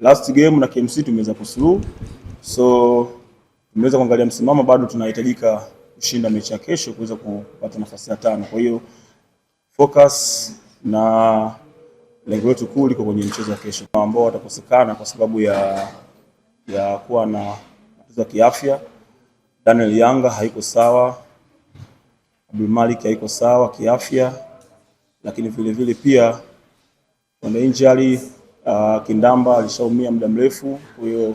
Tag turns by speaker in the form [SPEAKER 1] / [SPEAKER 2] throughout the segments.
[SPEAKER 1] last game na KMC tumeweza kusuluhu, so tumeweza kuangalia msimamo, bado tunahitajika kushinda mechi ya kesho kuweza kupata nafasi ya tano. Kwa hiyo focus na lengo letu kuu liko kwenye mchezo wa kesho, ambao watakosekana kwa sababu ya, ya kuwa na matatizo ya kiafya. Daniel Yanga haiko sawa, Abdul Malik haiko sawa kiafya, lakini vilevile vile pia ana injury Uh, Kindamba alishaumia muda mrefu, kwa hiyo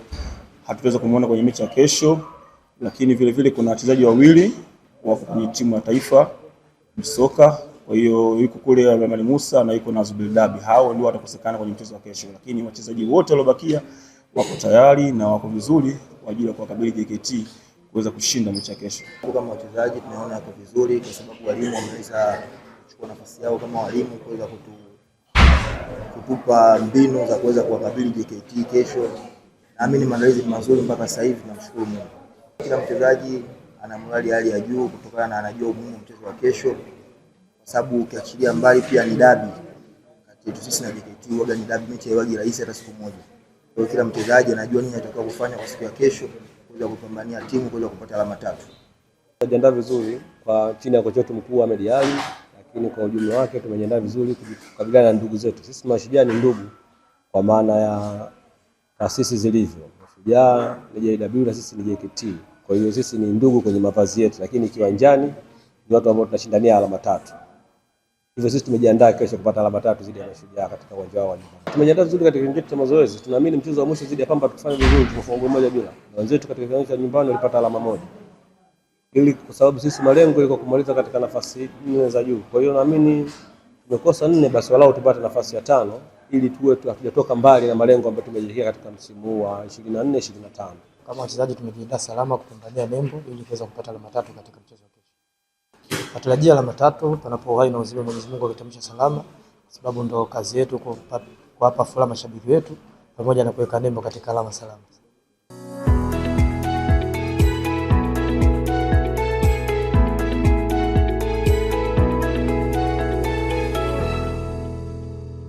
[SPEAKER 1] hatuweza kumuona kwenye mechi ya kesho, lakini vile vile kuna wachezaji wawili wako kwenye timu ya taifa msoka, kwa hiyo yuko kule Abdulrahman Musa na yuko na Zuberi Dabi, hao ndio watakosekana kwenye mchezo wa kesho, lakini wachezaji wote waliobakia wako tayari na wako vizuri kwa ajili ya kuwakabili JKT kuweza kushinda mechi ya kesho.
[SPEAKER 2] Kama wachezaji tunaona wako vizuri, kwa sababu walimu wameweza kuchukua nafasi yao kama walimu kuweza kutu kutupa mbinu za kuweza kuwakabili JKT kesho. Naamini maandalizi ni mazuri mpaka sasa hivi, namshukuru Mungu. Kila mchezaji ana morali hali ya juu kutokana na anajua umuhimu mchezo wa kesho, kwa sababu ukiachilia mbali pia ni dabi kati yetu sisi na JKT, huwa ni dabi, mechi haiwagi rahisi hata siku moja. Kwa hiyo kila mchezaji anajua nini anatakiwa kufanya kwa siku ya kesho kuweza kupambania timu kuweza kupata alama tatu.
[SPEAKER 1] Tunajiandaa vizuri kwa chini ya kocha wetu mkuu Ahmed Ally lakini kwa ujumla wake tumejiandaa vizuri kukabiliana na ndugu zetu. Sisi mashujaa ni ndugu kwa maana ya taasisi zilivyo. Mashujaa ni JW na sisi ni JKT, kwa hiyo sisi ni ndugu kwenye mavazi yetu, lakini kiwanjani ni watu ambao tunashindania alama tatu. Hivyo sisi tumejiandaa kesho kupata alama tatu zidi ya Mashujaa katika uwanja wao wa nyumbani. Tumejiandaa vizuri katika kipindi cha mazoezi, tunaamini mchezo wa mwisho zidi ya Pamba tufanye vizuri, tukafunga moja bila. Wenzetu katika kiwanja cha nyumbani walipata alama moja ili kwa sababu sisi malengo ilikuwa kumaliza katika nafasi nne za juu. Kwa hiyo naamini tumekosa nne, basi walau tupate nafasi ya tano ili tuwe hatujatoka mbali na malengo ambayo tumejiwekea katika msimu wa 24 25.
[SPEAKER 2] Kama wachezaji tumejiandaa salama kupambania nembo ili kuweza kupata alama tatu katika mchezo wa kesho. Natarajia alama tatu panapo uhai na uzima, Mwenyezi Mungu akitamsha salama, sababu ndo kazi yetu kuwapa furaha mashabiki wetu pamoja na kuweka nembo katika alama salama.